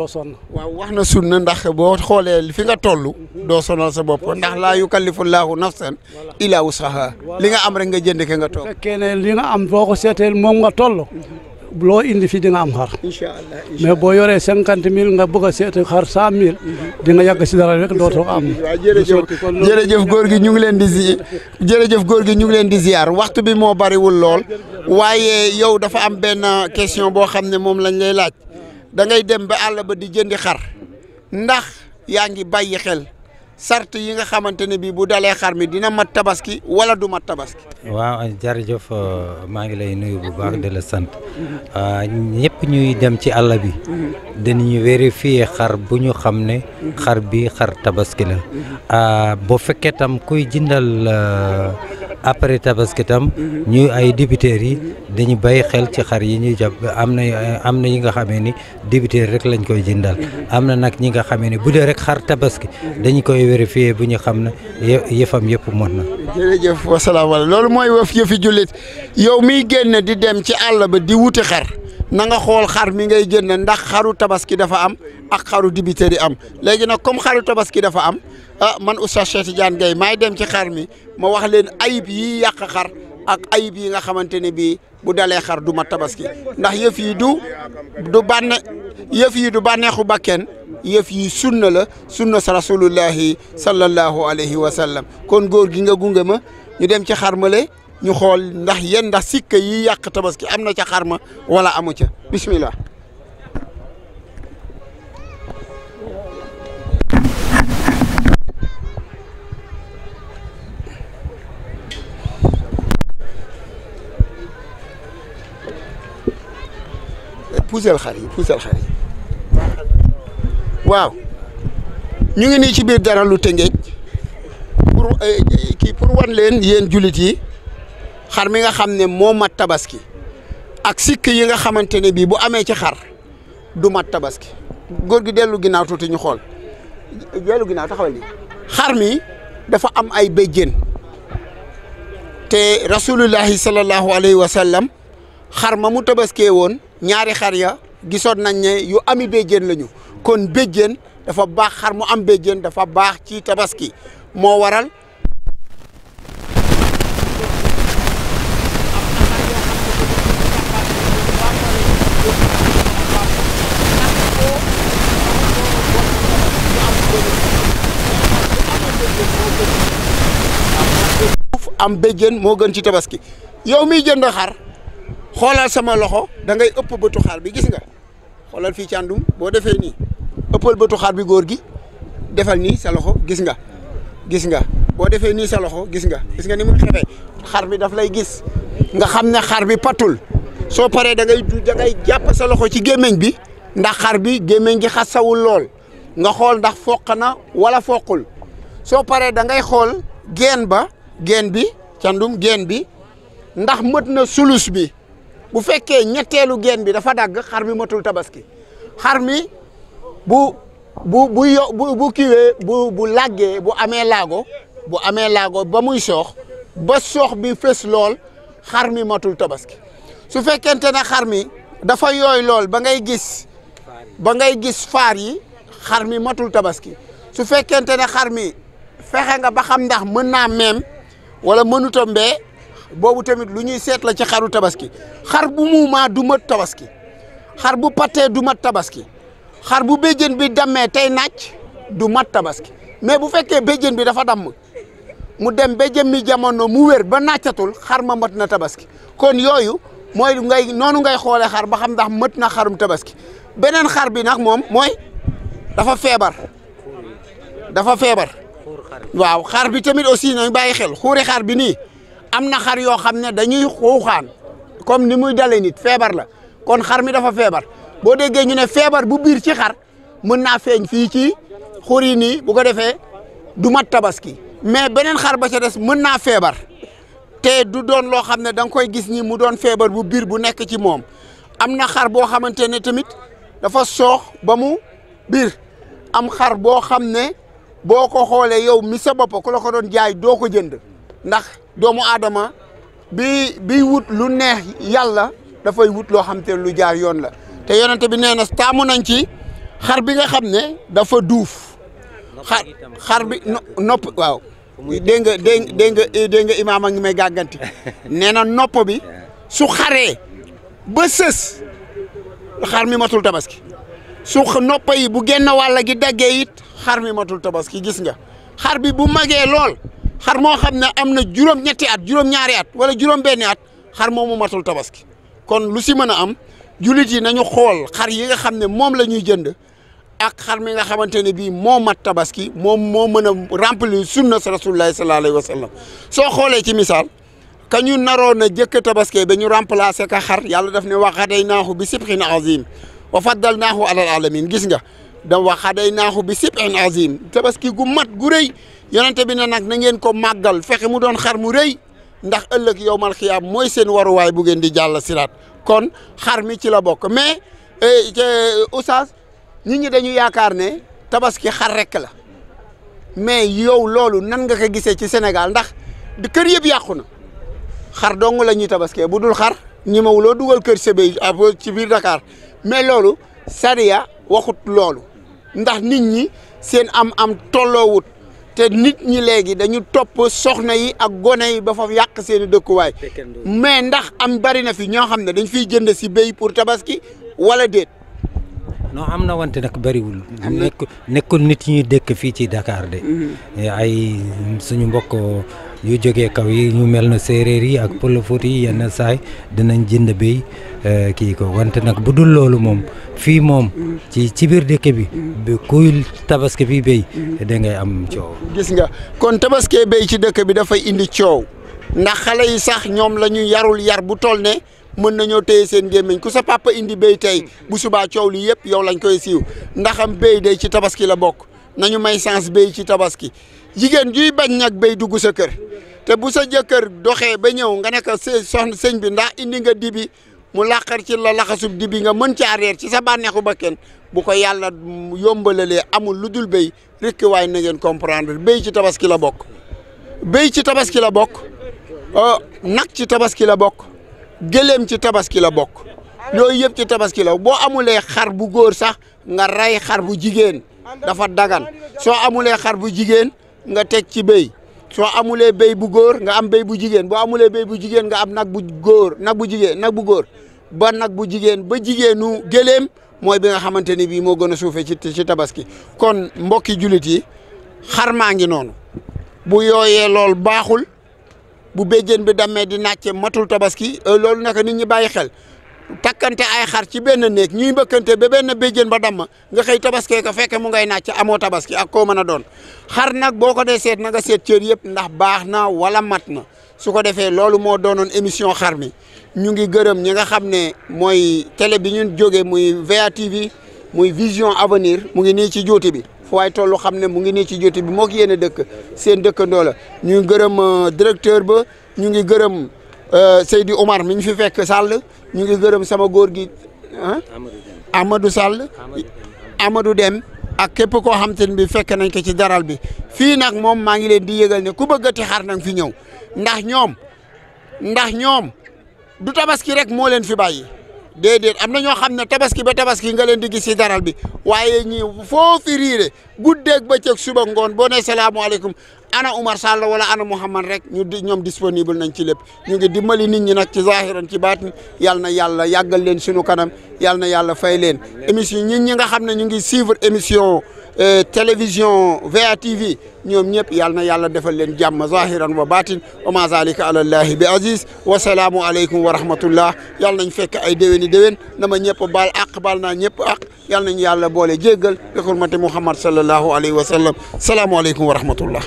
doo sonn. waaw wax na sunna ndax boo xoolee fi nga toll. Mhm. doo sonal sa bopp ndax laa yukallifu llaahu nafsan illaa wusahaa li nga am rek nga jënd ke nga toog. bu li nga am boo ko seetee moom nga toll. Mhm. loo indi fi di nga am xar. incha boo yoree cinquante mille nga bëgg a seeti xar cent mille. Mhm. di nga yàgg si dara rek dootoo am. waaw jërëjëf jërëjëf góor gi ñu ngi leen di zi jërëjëf gi ñu ngi leen di ziar waxtu bi moo bariwul lool waaye yow dafa am benn question boo xam ne moom la lay laaj. da ngay dem ba àll ba di jëndi xar ndax yaa ngi bàyyi xel sart yi nga xamante ne bii bu dalee xar mi dina ma tabaski wala du mat tabaski. waaw jërëjëf maa ngi lay nuyu bu baax di la sant ah, ñëpp ñuy dem ci àll bi dinañu vérifier xar bu ñu xam ne xar bi xar tabaski la ah, boo fekkee tam kuy jindal ah, après tabaski tam ñu ay dibiteer yi dañu bàyyi xel ci xar yi ñuy jàpp am na am na yi nga xamee ni dibiteer rek lañ koy jindaal am na nag ñi nga xamee ni bu dee rek xar tabaski dañu koy vérifier bu ñu xam ne yëfam yëpp mën na loolu mooy wëf yëfi jullit yow miy génn di dem ci àll ba di wuti xar na nga xool xar mi ngay génne ndax xaru tabaski dafa am ak xaru dibiteri am léegi nag comme xaru tabaski dafa am ah man Oustaz Cheikh Tidiane Gaye maay dem ci xar mi ma wax leen ayib yi yàq xar ak ayib yi nga xamante ne bii bu dalee xar du ma tabaski ndax yëf yi du du bànne yëf yi du bànneexu bakken yëf yi sunna la sunna sa rasulullahi sallallahu alayhi wa sallam kon góor gi nga gunge ma ñu dem ci xar male ñu xool ndax yéen ndax sikka yi yàq tabaski am na ca xarma wala amu ca bismillah puusal xar yi puusal xar yi waaw ñu ngi nii ci biir dara lu tëngeej pour kii pour wan leen yéen jullit yi xar mi nga xam ne moo mat tabaski ak sikk yi nga xamante ne bii bu amee ci xar du mat tabaski góor gi dellu ginnaaw tuuti ñu xool dellu ginnaaw taxawal ni xar mi dafa am ay béjjén te rasulullahi sallallahu alayhi wa sallam xar ma mu tabaskee woon ñaari xar ya gisoon nañ ne yu ami béjjén lañu kon béjjén dafa baax xar mu am béjjén dafa baax ci tabaski moo waral. am béjjén moo gën ci tabaski yow miy jënd xar xoolal sama loxo dangay ëpp bëtu xar bi gis nga xoolal fii ci àndum boo defee nii ëppal bëtu xar bi góor gi defal nii sa loxo gis nga gis nga boo defee nii sa loxo gis nga gis nga ni muy xefee xar bi daf lay gis nga xam ne xar bi patul soo paree da ngay da ngay jàpp sa loxo ci gémmiñ bi ndax xar bi gémmiñ gi xasawul lool nga xool ndax foq na wala foqul soo paree da ngay xool geen ba génn bi candum geen bi ndax mët na sulus bi bu fekkee ñetteelu geen bi dafa dagg xar mi matul tabaski xar mi bu bu bu yo bu bu bu làggee bu amee laago bu amee laago ba muy soox ba soox bi fës lool xar mi matul tabaski su fekkente ne xar mi dafa yooy lool ba ngay gis ba ngay gis faar yi xar mi matul tabaski su fekkente ne xar mi fexe nga ba xam ndax mën naa meem wala mënuta mbee boobu tamit lu ñuy seet ci xaru tabaski xar bu muumaa du mat tabaski xar bu pattee du mat tabaski xar bu béjjën bi dammee tey naaj du mat tabaski mais bu fekkee béjjën bi dafa damm mu dem ba jëmmi jamono mu wér ba nàccatul xar ma mat na tabaski kon yooyu mooy ngay noonu ngay xoolee xar ba xam ndax mët na xarum tabaski beneen xar bi nag moom mooy dafa feebar dafa feebar waaw xar bi tamit aussi nañ bàyyi xel xuuri xar bi nii am na xar yoo xam ne dañuy xuuxaan comme ni muy dalee nit feebar la kon xar mi dafa feebar boo déggee ñu ne feebar bu biir ci xar mën naa feeñ fii ci xur yi nii bu ko defee du mat tabaski mais beneen xar ba ca des mën naa feebar te du doon loo xam ne da nga koy gis ni mu doon feebar bu biir bu nekk ci moom am na xar boo xamante ne tamit dafa soox ba mu biir am xar boo xam ne boo ko xoolee yow mi sa bopp ku la ko doon jaay doo ko jënd ndax doomu aadama bi bi wut lu neex yàlla dafay wut loo xam te lu jaar yoon la te yonente bi nee na taamu nañ ci xar bi nga xam ne dafa duuf xar xar bi nopp waaw dégg nga dégg nga dégg nga eh, ngi may gàgganti nee na nopp bi su xaree ba sës xar mi matul tabaski su noppa yi bu génn wàll gi daggee it xar mi matul tabaski gis nga xar bi bu magee lool xar moo xam ne am na juróom-ñetti at juróom-ñaari at wala juróom-benni at xar moomu matul tabaski kon lu si mën a am jullit yi nañu xool xar yi nga xam ne moom la ñuy jënd ak xar mi nga xamante ne bii moo mat tabaski moom moo mën a remplir sunna rasulullahi sallallahu alayhi wa sallam soo xoolee ci misaal ka ñu naroon a jëkk tabaski ba ñu remplacer ka xar yàlla def ne waxaday naaxu bi sibxin azim wa faddalnaahu alal alamin gis nga dam wax naaxu bi sib'in azim tabaski gu mat gu rëy yonente bi ne nag na ngeen ko màggal fexe mu doon xar mu rëy ndax ëllëg yowmal xiyaam mooy seen waruwaay bu ngeen di jàll siraat kon xar mi ci la bokk mais eh, oustaz nit ñi dañu yaakaar ne tabaski xar rek la mais yow loolu nan nga ko gisee ci Sénégal ndax kër yëpp yàqu na xar dong la ñuy tabaskee bu dul xar ñi mawuloo dugal kër Sébé ci biir Dakar mais loolu sariya waxut loolu ndax nit ñi seen am-am tolloowut te nit ñi léegi dañu topp soxna yi ak gone yi ba fa yàq seen i dëkkuwaay mais ndax am bari na fi ñoo xam ne dañ fiy jënd si béy pour tabaski wala déet. non am na wante nag bëriwul. nekkul nekkul nit ñuy dëkk fii ci Dakar de. Mm-hmm. Eh, ay suñu mbokk. yu jógee kaw yi ñu mel na séeréer yi ak pël Fuuta yi yenn saay dinañ jënd béy euh, kii ko wante nag bu dul loolu moom fii moom ci ci biir dëkk bi kuy tabaski bi béy da ngay am coow. gis nga kon tabaskee béy ci dëkk bi dafay indi coow ndax xale yi sax ñoom la ñu yarul yar bu toll ne mën nañoo téye seen gémmiñ ku sa papa indi béy tey bu subaa coow li yëpp yow lañ koy siiw ndaxam béy day ci tabaski la bokk nañu may sens béy ci tabaski. Jigen juy bañ nag bay duggu sa kër té bu sa jëkër doxé ba ñëw nga nek bi ndax indi nga dibi mu làqar ci la laxasub dibi nga mën ci arrière ci sa bànneexu ba kenn bu ko yalla yombalalé amul luddul bay rek way na ngeen comprendre bay ci tabaski la bok bay ci tabaski la bokk nak ci tabaski la bok euh, gellem ci tabaski la bok yoy yeb ci tabaski la bo amulé xar bu goor sax nga ray xar bu jigen dafa dagan So amulé xar bu jigen nga teg ci béy soo amulee béy bu góor nga am béy bu jigéen boo amulee béy bu jigéen nga am nag bu góor nag bu jigéen nag bu góor ba nag bu jigéen ba jigéenu gëléem mooy bi nga xamante ni bii moo gën a suufee ci tabaski kon mbokki jullit yi xar maa ngi noonu bu yooyee lool baaxul bu béjjén bi dammee di nàcce matul tabaski loolu naka nit ñi bàyyi xel takkante ay xar ci benn néeg ñuy mbëkkante be benn béjjén ba damm nga xëy tabaskee ka fekk mu ngay nàcc amoo tabaski ak koo mën a doon xar nag boo ko dee seet na nga seet cër yëpp ndax baax na wala mat na su ko defee loolu moo doonoon émission xar mi ñu ngi gërëm ñi nga xam ne mooy télé bi ñu jógee muy VA TV muy vision avenir mu ngi nii ci juuti bi fu waay tollu xam ne mu ngi nii ci juuti bi moo yéen a dëkk seen dëkkandoo la ñu ngi gërëm euh, directeur ba ñu ngi gërëm. Euh, Seydi Omar mi ñu fi fekk Sall ñu ngi gërëm sama góor gi ah Amadou Sall amadu Dem ak képp koo xam te ne bi fekk nañ ko ci daral bi fii nag moom maa ngi leen di yégal ne ku bëggati xar nag fi ñëw ndax ñoom ndax ñoom du tabaski rek moo leen fi bàyyi déedéet am na ñoo xam ne tabaski ba tabaski nga leen di gis si daral bi waaye ñi foofi riire ba bëccëg suba ngoon boo ne salaamualeykum ana Umar Sall wala ana Mouhamad rek ñu di ñoom disponible nañ ci lépp ñu ngi dimbali nit ñi nag ci zahiran ci baatin yal na yàlla yàggal leen sunu kanam yal na yàlla fay leen émission ñi ñi nga xam ne ñu ngi suivre émission. Euh, télévision VATV ñoom ñëpp yal na yàlla defal leen jàmm zahiran wa batin wa ma zalika ala llahi bi aziz wa salaamu aleykum wa rahmatullah yal nañ fekk ay déwéni déwén na ma ñëpp baal àq baal naa ñëpp àq yal nañ yàlla boole jéggal bi xurmati muhammad sallallahu alayhi wa sallam salaamu aleykum wa rahmatullah